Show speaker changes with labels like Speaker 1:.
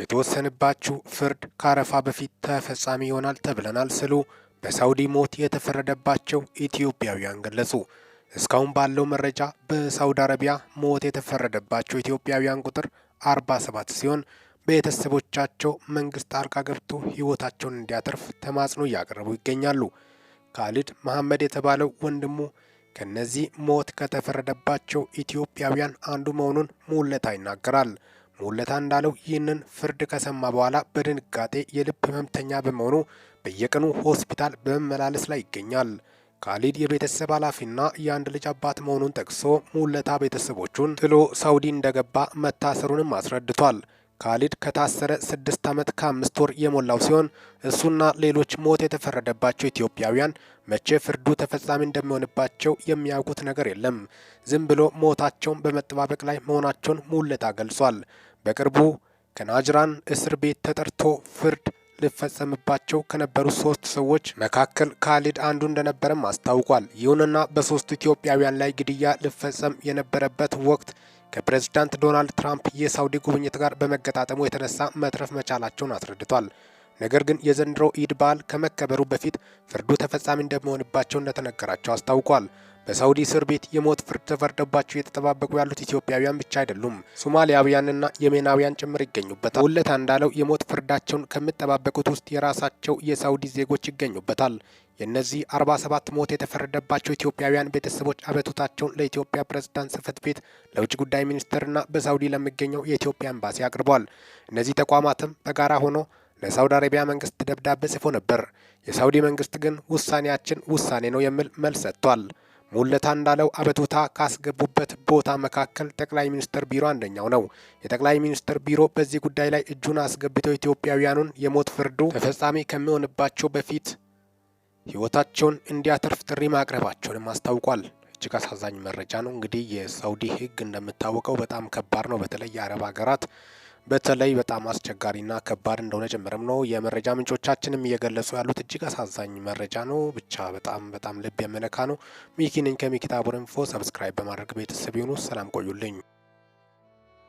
Speaker 1: የተወሰነባችሁ ፍርድ ከአረፋ በፊት ተፈጻሚ ይሆናል ተብለናል ስሉ በሳውዲ ሞት የተፈረደባቸው ኢትዮጵያውያን ገለጹ። እስካሁን ባለው መረጃ በሳውዲ አረቢያ ሞት የተፈረደባቸው ኢትዮጵያውያን ቁጥር 47 ሲሆን ቤተሰቦቻቸው መንግስት ጣልቃ ገብቶ ህይወታቸውን እንዲያተርፍ ተማጽኖ እያቀረቡ ይገኛሉ። ካሊድ መሐመድ የተባለው ወንድሙ ከነዚህ ሞት ከተፈረደባቸው ኢትዮጵያውያን አንዱ መሆኑን ሙለታ ይናገራል። ሙለታ እንዳለው ይህንን ፍርድ ከሰማ በኋላ በድንጋጤ የልብ ህመምተኛ በመሆኑ በየቀኑ ሆስፒታል በመመላለስ ላይ ይገኛል። ካሊድ የቤተሰብ ኃላፊና የአንድ ልጅ አባት መሆኑን ጠቅሶ ሙለታ ቤተሰቦቹን ጥሎ ሳውዲ እንደገባ መታሰሩንም አስረድቷል። ካሊድ ከታሰረ ስድስት ዓመት ከአምስት ወር የሞላው ሲሆን እሱና ሌሎች ሞት የተፈረደባቸው ኢትዮጵያውያን መቼ ፍርዱ ተፈጻሚ እንደሚሆንባቸው የሚያውቁት ነገር የለም። ዝም ብሎ ሞታቸውን በመጠባበቅ ላይ መሆናቸውን ሙለታ ገልጿል። በቅርቡ ከናጅራን እስር ቤት ተጠርቶ ፍርድ ሊፈጸምባቸው ከነበሩ ሶስት ሰዎች መካከል ካሊድ አንዱ እንደነበረም አስታውቋል። ይሁንና በሶስቱ ኢትዮጵያውያን ላይ ግድያ ሊፈጸም የነበረበት ወቅት ከፕሬዝዳንት ዶናልድ ትራምፕ የሳውዲ ጉብኝት ጋር በመገጣጠሙ የተነሳ መትረፍ መቻላቸውን አስረድቷል። ነገር ግን የዘንድሮ ኢድ በዓል ከመከበሩ በፊት ፍርዱ ተፈጻሚ እንደሚሆንባቸው እንደተነገራቸው አስታውቋል። በሳውዲ እስር ቤት የሞት ፍርድ ተፈርደባቸው እየተጠባበቁ ያሉት ኢትዮጵያውያን ብቻ አይደሉም፣ ሶማሊያውያንና የሜናውያን ጭምር ይገኙበታል።
Speaker 2: ውለታ እንዳለው የሞት ፍርዳቸውን ከሚጠባበቁት ውስጥ የራሳቸው የሳውዲ ዜጎች ይገኙበታል። የእነዚህ 47 ሞት የተፈረደባቸው ኢትዮጵያውያን ቤተሰቦች አቤቱታቸውን ለኢትዮጵያ ፕሬዝዳንት ጽህፈት ቤት ለውጭ ጉዳይ ሚኒስትርና በሳውዲ ለሚገኘው የኢትዮጵያ ኤምባሲ አቅርቧል። እነዚህ ተቋማትም በጋራ ሆኖ ለሳውዲ አረቢያ መንግስት ደብዳቤ ጽፎ ነበር። የሳውዲ መንግስት ግን ውሳኔያችን ውሳኔ ነው የሚል መልስ ሰጥቷል። ሙለታ እንዳለው አቤቱታ ካስገቡበት ቦታ መካከል ጠቅላይ ሚኒስትር ቢሮ አንደኛው ነው። የጠቅላይ ሚኒስትር ቢሮ በዚህ ጉዳይ ላይ እጁን አስገብተው ኢትዮጵያውያኑን የሞት ፍርዱ
Speaker 1: ተፈጻሚ ከሚሆንባቸው በፊት ሕይወታቸውን እንዲያተርፍ ጥሪ ማቅረባቸውንም አስታውቋል። እጅግ አሳዛኝ መረጃ ነው። እንግዲህ የሳውዲ ሕግ እንደምታወቀው በጣም ከባድ ነው። በተለይ የአረብ ሀገራት በተለይ በጣም አስቸጋሪና ከባድ እንደሆነ ጭምርም ነው የመረጃ ምንጮቻችንም እየገለጹ ያሉት። እጅግ አሳዛኝ መረጃ ነው። ብቻ በጣም በጣም ልብ የሚነካ ነው። ሚኪ ነኝ ከሚኪታ ቡርንፎ። ሰብስክራይብ በማድረግ ቤተሰብ ይሁኑ። ሰላም ቆዩልኝ።